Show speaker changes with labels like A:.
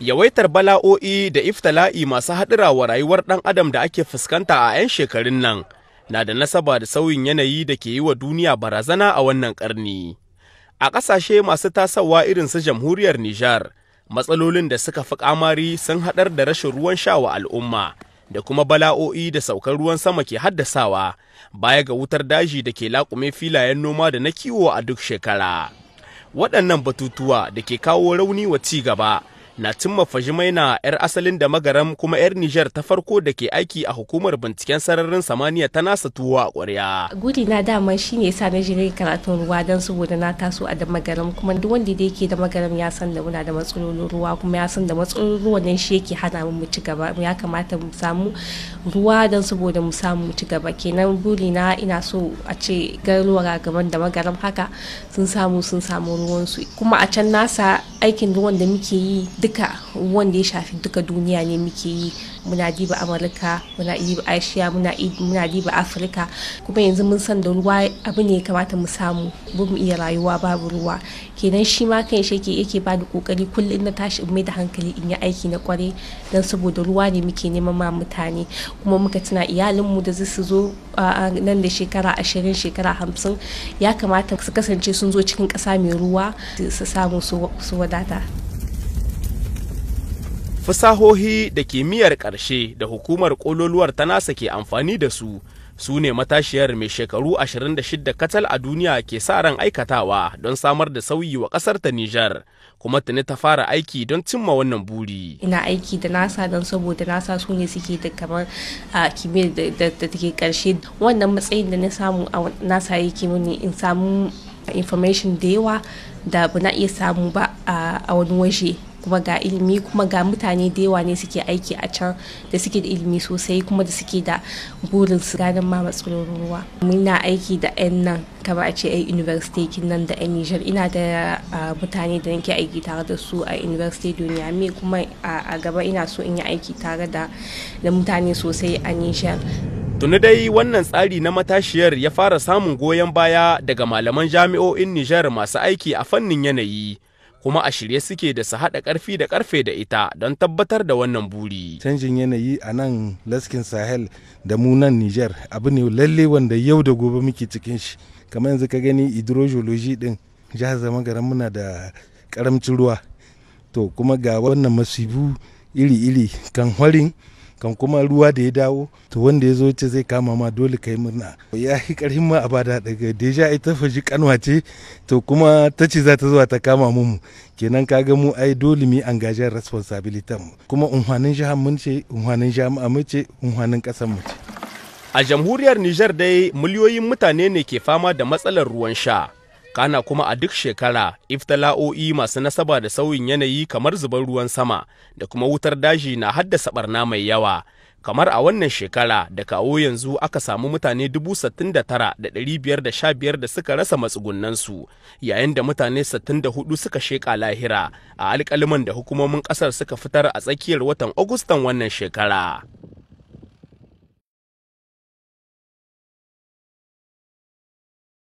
A: Yawaitar bala'o'i da iftala'i masu haɗura wa rayuwar ɗan adam da ake fuskanta a 'yan shekarun nan na da nasaba da sauyin yanayi da ke yi wa duniya barazana a wannan ƙarni. A ƙasashe masu tasawa irin su jamhuriyar Nijar, matsalolin da suka fi ƙamari sun haɗar da rashin ruwan sha wa al'umma da kuma bala'o'i da saukar ruwan sama ke haddasawa baya ga wutar daji da ke laƙume filayen noma da na kiwo a duk shekara. Waɗannan batutuwa da ke kawo rauni wa ci gaba na Latimma Fajimaina 'yar asalin da magaram kuma 'yar Nijar ta farko da ke aiki a hukumar binciken sararin samaniya ta nasa tuwo a ƙwarya.
B: Gudi na daman shi ne sa na jirai karatun ruwa don saboda na taso a da magaram kuma duk wanda da yake da magaram ya san da muna da matsalolin ruwa kuma ya san da matsalolin ruwa nan shi yake hana mu ci gaba ya kamata mu samu ruwa don saboda mu samu mu ci gaba kenan buri na ina so a ce garuwa gaban da magaram haka sun samu sun samu ruwansu kuma a can nasa aikin ruwan da muke yi duk duka wanda ya shafi duka duniya ne muke yi muna diba amurka muna diba asiya muna diba afirka kuma yanzu mun san da ruwa abu ne kamata mu samu ba mu iya rayuwa babu ruwa kenan shi ma kan shi yake yake bani kokari kullum na tashi mai da hankali in yi aiki na kware don saboda ruwa ne muke neman ma mutane kuma muka tuna iyalinmu da zai su zo nan da shekara ashirin shekara hamsin ya kamata su kasance sun zo cikin ƙasa mai ruwa su samu su wadata
A: fasahohi da kimiyyar ƙarshe da hukumar ƙololuwar ta nasa ke amfani da su su ne matashiyar mai shekaru 26 katal a duniya ke sa ran aikatawa don samar da sauyi wa kasar ta Nijar kuma ne ta fara aiki don cimma wannan buri.
B: Ina aiki da NASA don saboda NASA su ne suke da kamar a kimiyyar da take karshe wannan matsayin da na samu a NASA yake mini in samu information da yawa da ba na iya samu ba a wani waje. kuma ga ilimi kuma ga mutane da yawa ne suke aiki a can da suke da ilimi sosai kuma da suke da burin su ganin ma matsalolin ruwa muna aiki da 'yan nan kamar a ce a university kin nan da yan nijar ina da mutane da nake aiki tare da su a university duniya me kuma a gaba ina so in yi aiki tare da mutane sosai a nijar
A: Tuni dai wannan tsari na matashiyar ya fara samun goyon baya daga malaman jami'o'in Nijar masu aiki a fannin yanayi kuma a shirye suke da su haɗa ƙarfi da ƙarfe da ita don tabbatar da wannan buri.
C: Canjin yanayi a nan laskin Sahel da mu nan Nijar abu ne lalle wanda yau da gobe muke cikin shi. Kamar yanzu ka gani hydrogeology din jihar zama garin muna da karamcin ruwa. To kuma ga wannan masibu iri-iri kan hwarin kan kuma ruwa da ya dawo to wanda ya zo ce zai kama ma dole kai murna ya yi karhin ma a bada daga deja ita faji kanwa ce to kuma ta ce za ta zuwa ta kama mu kenan ka ga mu ai dole mu an gajar responsibility mu kuma unhwanin jiha mun ce unhwanin jami'a mu ce unhwanin kasar mu ce
A: a jamhuriyar Nijar dai miliyoyin mutane ne ke fama da matsalar ruwan sha kana kuma a duk shekara iftala'o'i masu nasaba da sauyin yanayi kamar zubar ruwan sama da kuma wutar daji na haddasa barna mai yawa kamar a wannan shekara da kawo yanzu aka samu mutane 69,515 da da suka rasa matsugunansu yayin da mutane 64 suka sheƙa lahira a alƙaliman da hukumomin ƙasar suka fitar a tsakiyar watan agustan wannan shekara.